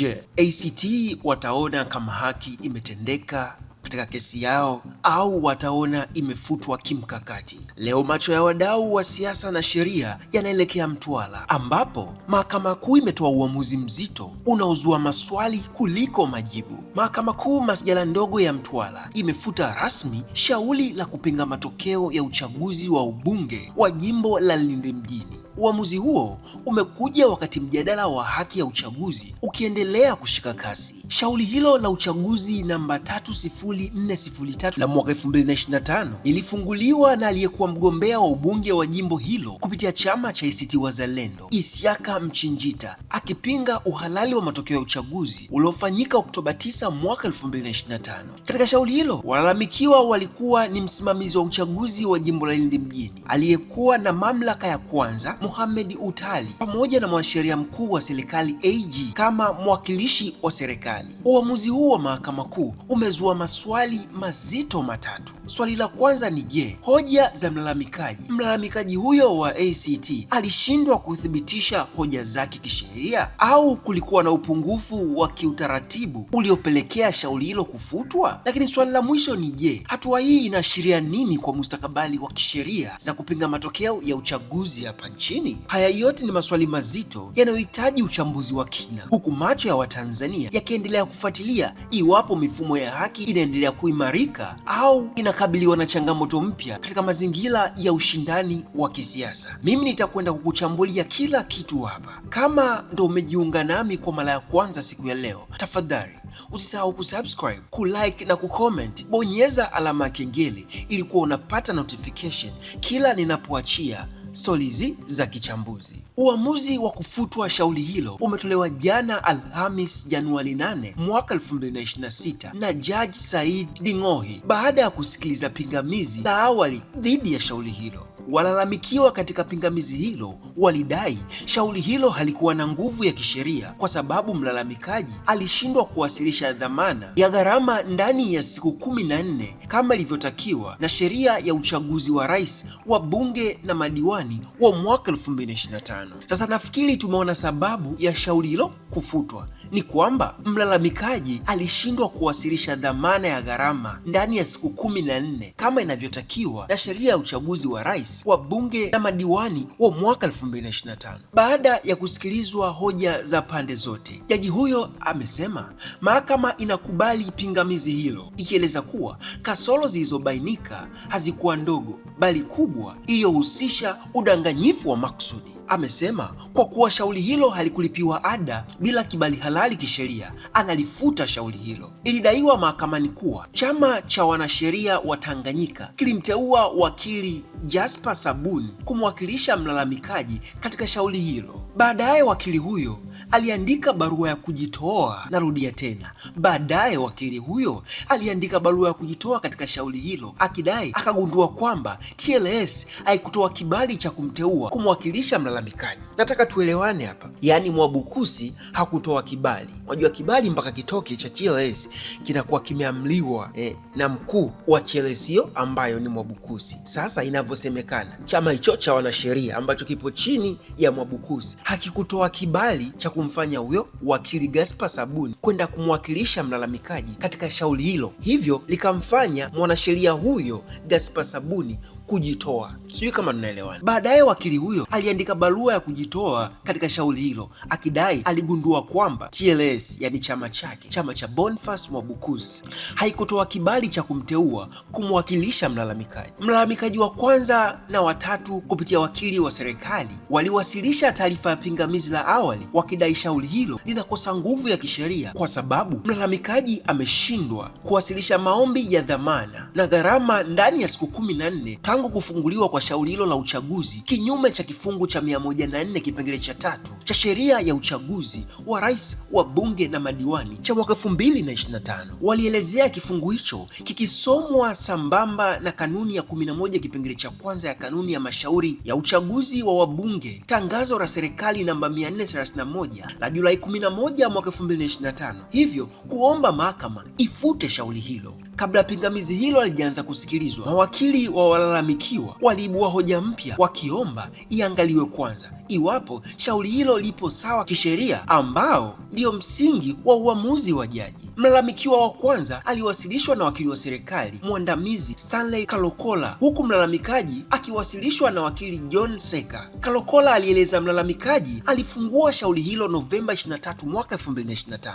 Je, ACT wataona kama haki imetendeka katika kesi yao au wataona imefutwa kimkakati? Leo macho ya wadau wa siasa na sheria yanaelekea Mtwara, ambapo Mahakama Kuu imetoa uamuzi mzito unaozua maswali kuliko majibu. Mahakama Kuu Masjala ndogo ya Mtwara imefuta rasmi shauri la kupinga matokeo ya uchaguzi wa ubunge wa jimbo la Lindi mjini Uamuzi huo umekuja wakati mjadala wa haki ya uchaguzi ukiendelea kushika kasi. Shauri hilo la uchaguzi namba 30403 la mwaka 2025 lilifunguliwa na aliyekuwa mgombea wa ubunge wa jimbo hilo kupitia chama cha ACT Wazalendo, Isiaka Mchinjita, akipinga uhalali wa matokeo ya uchaguzi uliofanyika Oktoba 9 mwaka 2025. Katika shauri hilo, walalamikiwa walikuwa ni msimamizi wa uchaguzi wa jimbo la Lindi mjini aliyekuwa na mamlaka ya kwanza Mohamed Utali pamoja na mwanasheria mkuu wa serikali AG kama mwakilishi wa serikali. Uamuzi huu wa mahakama kuu umezua maswali mazito matatu. Swali la kwanza ni je, hoja za mlalamikaji, mlalamikaji huyo wa ACT alishindwa kuthibitisha hoja zake kisheria au kulikuwa na upungufu wa kiutaratibu uliopelekea shauri hilo kufutwa? Lakini swali la mwisho ni je, hatua hii inaashiria nini kwa mustakabali wa kisheria za kupinga matokeo ya uchaguzi hapa nchini? nchini? Haya yote ni maswali mazito yanayohitaji uchambuzi wa kina, huku macho ya Watanzania yakiendelea kufuatilia iwapo mifumo ya haki inaendelea kuimarika au inakabiliwa na changamoto mpya katika mazingira ya ushindani wa kisiasa. Mimi nitakwenda kukuchambulia kila kitu hapa. Kama ndo umejiunga nami kwa mara ya kwanza siku ya leo, tafadhali usisahau kusubscribe, kulike na kucomment. Bonyeza alama ya kengele ili kuwa unapata notification kila ninapoachia Solizi za kichambuzi. Uamuzi wa kufutwa shauri hilo umetolewa jana Alhamis Januari 8 mwaka 2026 na Jaji Said Ding'ohi baada ya kusikiliza pingamizi la awali dhidi ya shauri hilo. Walalamikiwa katika pingamizi hilo walidai shauri hilo halikuwa na nguvu ya kisheria kwa sababu mlalamikaji alishindwa kuwasilisha dhamana ya gharama ndani ya siku kumi na nne kama ilivyotakiwa na sheria ya uchaguzi wa rais wa bunge na madiwani wa mwaka 2025. Sasa nafikiri tumeona sababu ya shauri hilo kufutwa ni kwamba mlalamikaji alishindwa kuwasilisha dhamana ya gharama ndani ya siku kumi na nne kama inavyotakiwa na sheria ya uchaguzi wa rais wa bunge na madiwani wa mwaka 2025. Baada ya kusikilizwa hoja za pande zote, jaji huyo amesema mahakama inakubali pingamizi hilo, ikieleza kuwa kasoro zilizobainika hazikuwa ndogo bali kubwa, iliyohusisha udanganyifu wa makusudi amesema kwa kuwa shauri hilo halikulipiwa ada bila kibali halali kisheria, analifuta shauri hilo. Ilidaiwa mahakamani kuwa chama cha wanasheria wa Tanganyika kilimteua wakili Jasper Sabuni kumwakilisha mlalamikaji katika shauri hilo. Baadaye wakili huyo aliandika barua ya kujitoa. Narudia tena, baadaye wakili huyo aliandika barua ya kujitoa katika shauri hilo, akidai akagundua kwamba TLS haikutoa kibali cha kumteua kumwakilisha mlalamikaji. Nataka tuelewane hapa, yaani Mwabukusi hakutoa kibali. Unajua kibali mpaka kitoke cha TLS kinakuwa kimeamliwa eh, na mkuu wa TLS hiyo ambayo ni Mwabukusi. Sasa inavyosemekana, chama hicho cha wanasheria ambacho kipo chini ya Mwabukusi hakikutoa kibali cha cha kumfanya huyo wakili Gaspar Sabuni kwenda kumwakilisha mlalamikaji katika shauri hilo, hivyo likamfanya mwanasheria huyo Gaspar Sabuni kujitoa. Sijui kama tunaelewana. Baadaye wakili huyo aliandika barua ya kujitoa katika shauri hilo, akidai aligundua kwamba TLS, yani chama chake, chama cha Boniface Mwabukusi, haikutoa kibali cha kumteua kumwakilisha mlalamikaji. Mlalamikaji wa kwanza na watatu kupitia wakili wa serikali waliwasilisha taarifa ya pingamizi la awali, wakidai shauri hilo linakosa nguvu ya kisheria kwa sababu mlalamikaji ameshindwa kuwasilisha maombi ya dhamana na gharama ndani ya siku kumi na nne tangu Tangu kufunguliwa kwa shauri hilo la uchaguzi kinyume cha kifungu cha 104 kipengele cha tatu cha sheria ya uchaguzi wa rais wa bunge na madiwani cha mwaka 2025, walielezea kifungu hicho kikisomwa sambamba na kanuni ya 11 kipengele cha kwanza ya kanuni ya mashauri ya uchaguzi wa wabunge, tangazo la serikali namba 431 la Julai 11 mwaka 2025, hivyo kuomba mahakama ifute shauri hilo. Kabla pingamizi hilo halijaanza kusikilizwa, mawakili wa walalamikiwa waliibua hoja mpya wakiomba iangaliwe kwanza iwapo shauri hilo lipo sawa kisheria, ambao ndio msingi wa uamuzi wa jaji. Mlalamikiwa wa kwanza aliwasilishwa na wakili wa serikali mwandamizi Stanley Kalokola, huku mlalamikaji akiwasilishwa na wakili John Seka. Kalokola alieleza mlalamikaji alifungua shauri hilo Novemba 23 mwaka 2025,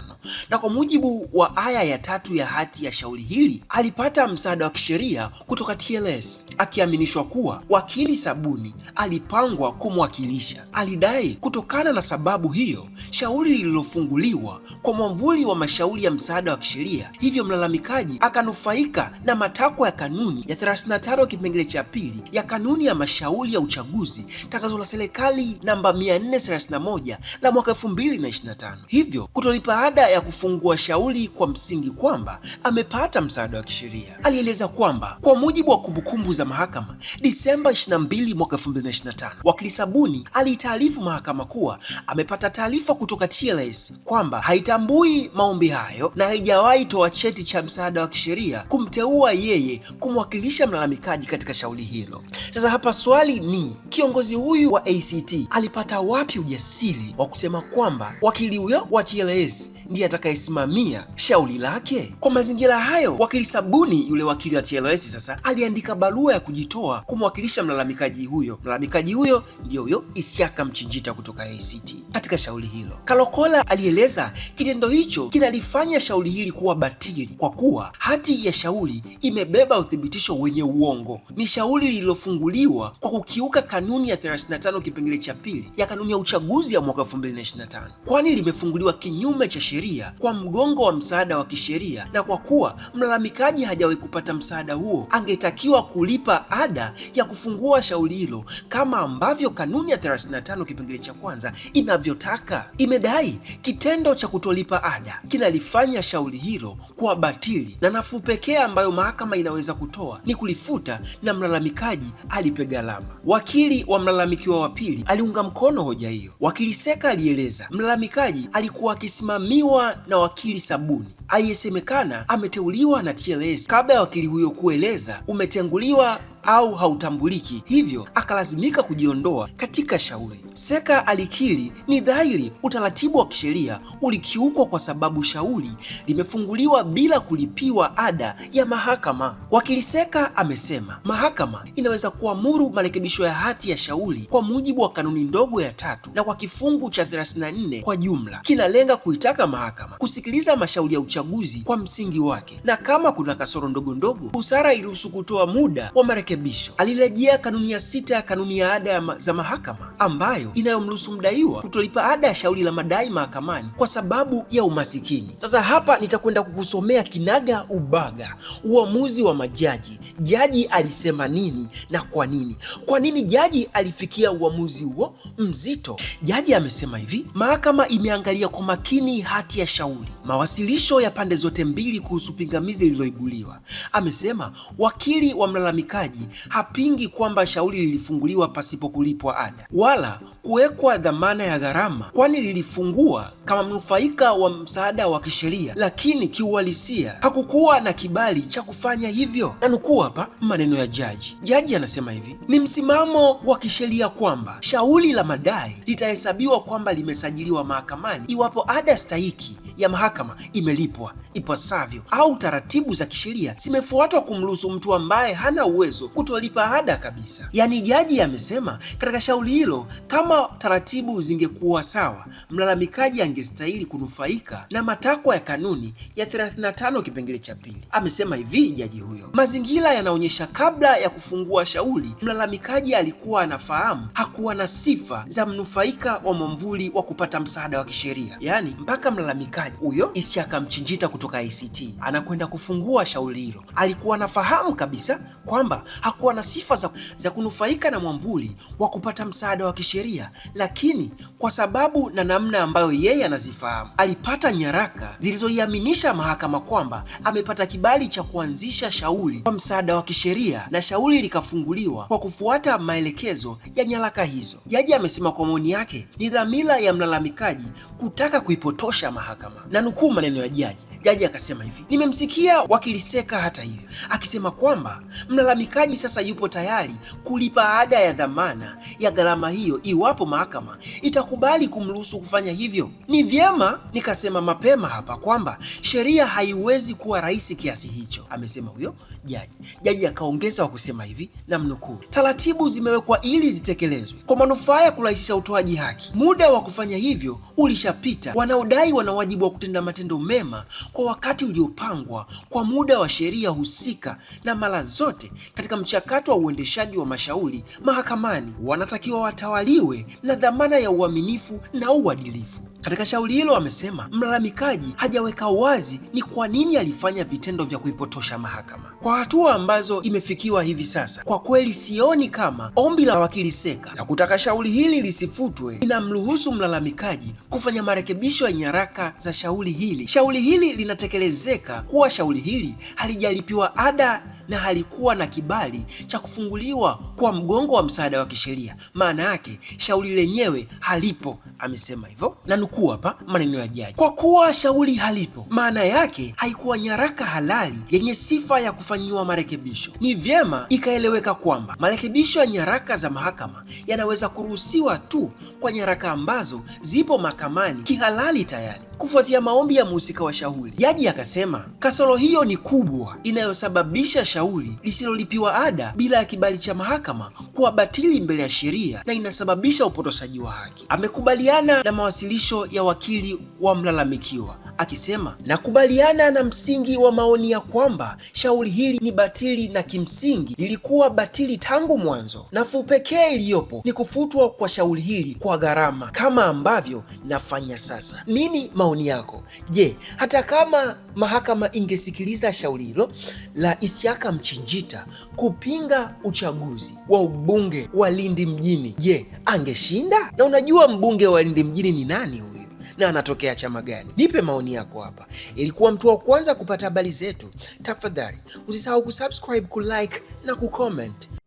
na kwa mujibu wa aya ya tatu ya hati ya shauri hili alipata msaada wa kisheria kutoka TLS, akiaminishwa kuwa wakili Sabuni alipangwa kumwakilisha. Alidai kutokana na sababu hiyo shauri lililofunguliwa kwa mwamvuli wa mashauri ya msaada msaada wa kisheria, hivyo mlalamikaji akanufaika na matakwa ya kanuni ya 35 kipengele cha pili ya kanuni ya mashauri ya uchaguzi, tangazo la serikali namba 431 la mwaka 2025, hivyo kutolipa ada ya kufungua shauri kwa msingi kwamba amepata msaada wa kisheria. Alieleza kwamba kwa mujibu wa kumbukumbu za mahakama Disemba 22 mwaka 2025, wakili Sabuni aliitaarifu mahakama kuwa amepata taarifa kutoka TLS kwamba haitambui maombi hayo na na haijawahi toa cheti cha msaada wa kisheria kumteua yeye kumwakilisha mlalamikaji katika shauri hilo. Sasa hapa swali ni kiongozi huyu wa ACT alipata wapi ujasiri wa kusema kwamba wakili huyo wa TLS ndiye atakayesimamia shauri lake. Kwa mazingira hayo, wakili Sabuni, yule wakili wa TLS, sasa aliandika barua ya kujitoa kumwakilisha mlalamikaji huyo. Mlalamikaji huyo ndiyo huyo Isiaka Mchinjita kutoka ACT. Katika shauri hilo, Kalokola alieleza kitendo hicho kinalifanya shauri hili kuwa batili kwa kuwa hati ya shauri imebeba uthibitisho wenye uongo. Ni shauri lililofunguliwa kwa kukiuka kanuni ya 35 kipengele cha pili ya kanuni ya uchaguzi ya mwaka 2025 kwani limefunguliwa kinyume cha kisheria kwa mgongo wa msaada wa kisheria, na kwa kuwa mlalamikaji hajawahi kupata msaada huo, angetakiwa kulipa ada ya kufungua shauri hilo kama ambavyo kanuni ya 35 kipengele cha kwanza inavyotaka. Imedai kitendo cha kutolipa ada kinalifanya shauri hilo kuwa batili, na nafuu pekee ambayo mahakama inaweza kutoa ni kulifuta na mlalamikaji alipe gharama. Wakili wa mlalamikiwa wa pili aliunga mkono hoja hiyo. Wakili Seka alieleza mlalamikaji alikuwa akisimamiwa alihojiwa na wakili Sabuni aliyesemekana ameteuliwa na TLS. Kabla ya wakili huyo kueleza, umetanguliwa au hautambuliki, hivyo akalazimika kujiondoa katika shauri. Seka alikiri ni dhahiri utaratibu wa kisheria ulikiukwa kwa sababu shauri limefunguliwa bila kulipiwa ada ya mahakama. Wakili Seka amesema mahakama inaweza kuamuru marekebisho ya hati ya shauri kwa mujibu wa kanuni ndogo ya tatu na kwa kifungu cha 34 kwa jumla kinalenga kuitaka mahakama kusikiliza mashauri ya uchaguzi kwa msingi wake, na kama kuna kasoro ndogo ndogo, busara iruhusu kutoa muda wa marekebisho marekebisho, alirejea kanuni ya sita ya kanuni ya ada za mahakama ambayo inayomruhusu mdaiwa kutolipa ada ya shauri la madai mahakamani kwa sababu ya umasikini. Sasa hapa nitakwenda kukusomea kinaga ubaga uamuzi wa majaji, jaji alisema nini na kwa nini, kwa nini jaji alifikia uamuzi huo mzito. Jaji amesema hivi: mahakama imeangalia kwa makini hati ya shauri, mawasilisho ya pande zote mbili kuhusu pingamizi lililoibuliwa. Amesema wakili wa mlalamikaji hapingi kwamba shauri lilifunguliwa pasipo kulipwa ada wala kuwekwa dhamana ya gharama, kwani lilifungua kama mnufaika wa msaada wa kisheria, lakini kiuhalisia hakukuwa na kibali cha kufanya hivyo. Na nukuu hapa maneno ya jaji. Jaji anasema hivi: ni msimamo wa kisheria kwamba shauri la madai litahesabiwa kwamba limesajiliwa mahakamani iwapo ada stahiki ya mahakama imelipwa ipasavyo au taratibu za kisheria zimefuatwa kumruhusu mtu ambaye hana uwezo kutolipa ada kabisa. Yaani jaji amesema ya katika shauri hilo, kama taratibu zingekuwa sawa, mlalamikaji angestahili kunufaika na matakwa ya kanuni ya 35 kipengele cha pili. Amesema hivi jaji huyo, mazingira yanaonyesha kabla ya kufungua shauri mlalamikaji alikuwa anafahamu hakuwa na sifa za mnufaika wa mwamvuli wa kupata msaada wa kisheria, yaani mpaka mlalamikaji huyo isi akamchinjita kutoka ICT anakwenda kufungua shauri hilo, alikuwa anafahamu kabisa kwamba hakuwa na sifa za, za kunufaika na mwamvuli wa kupata msaada wa kisheria, lakini kwa sababu na namna ambayo yeye anazifahamu. Alipata nyaraka zilizoiaminisha mahakama kwamba amepata kibali cha kuanzisha shauri kwa msaada wa kisheria na shauri likafunguliwa kwa kufuata maelekezo ya nyaraka hizo. Jaji amesema kwa maoni yake ni dhamira ya mlalamikaji kutaka kuipotosha mahakama, na nukuu maneno ya jaji. Jaji akasema hivi: nimemsikia wakili Seka hata hivyo akisema kwamba mlalamikaji sasa yupo tayari kulipa ada ya dhamana ya gharama hiyo iwapo mahakama itakubali kumruhusu kufanya hivyo. Ni vyema nikasema mapema hapa kwamba sheria haiwezi kuwa rahisi kiasi hicho, amesema huyo jaji. Jaji akaongeza kwa kusema hivi, mnukuu, taratibu zimewekwa ili zitekelezwe kwa manufaa ya kurahisisha utoaji haki. Muda wa kufanya hivyo ulishapita. Wanaodai wana wajibu wa kutenda matendo mema kwa wakati uliopangwa kwa muda wa sheria husika, na mara zote katika mchakato wa uendeshaji wa mashauri mahakamani wanatakiwa watawaliwe na dhamana ya uaminifu na uadilifu katika katika shauri hilo amesema mlalamikaji hajaweka wazi ni kwa nini alifanya vitendo vya kuipotosha mahakama. Kwa hatua ambazo imefikiwa hivi sasa, kwa kweli sioni kama ombi la wakili Seka la kutaka shauri hili lisifutwe linamruhusu mlalamikaji kufanya marekebisho ya nyaraka za shauri hili. Shauri hili linatekelezeka kuwa shauri hili halijalipiwa ada na halikuwa na kibali cha kufunguliwa kwa mgongo wa msaada wa kisheria, maana yake shauri lenyewe halipo. Amesema hivyo na nukuu hapa maneno ya jaji. Kwa kuwa shauri halipo, maana yake haikuwa nyaraka halali yenye sifa ya kufanyiwa marekebisho. Ni vyema ikaeleweka kwamba marekebisho ya nyaraka za mahakama yanaweza kuruhusiwa tu kwa nyaraka ambazo zipo mahakamani kihalali tayari. Kufuatia maombi ya mhusika wa shauri, jaji akasema kasoro hiyo ni kubwa inayosababisha shauri lisilolipiwa ada bila ya kibali cha mahakama kuwa batili mbele ya sheria na inasababisha upotoshaji wa haki. Amekubaliana na mawasilisho ya wakili wa mlalamikiwa akisema, nakubaliana na msingi wa maoni ya kwamba shauri hili ni batili na kimsingi lilikuwa batili tangu mwanzo. Nafuu pekee iliyopo ni kufutwa kwa shauri hili kwa gharama kama ambavyo nafanya sasa. mimi ma maoni yako. Je, hata kama mahakama ingesikiliza shauri hilo la Isiaka Mchinjita kupinga uchaguzi wa ubunge wa Lindi mjini, je, angeshinda? Na unajua mbunge wa Lindi mjini ni nani huyu na anatokea chama gani? Nipe maoni yako hapa. Ilikuwa mtu wa kwanza kupata habari zetu, tafadhali usisahau kusubscribe, kulike na kucomment.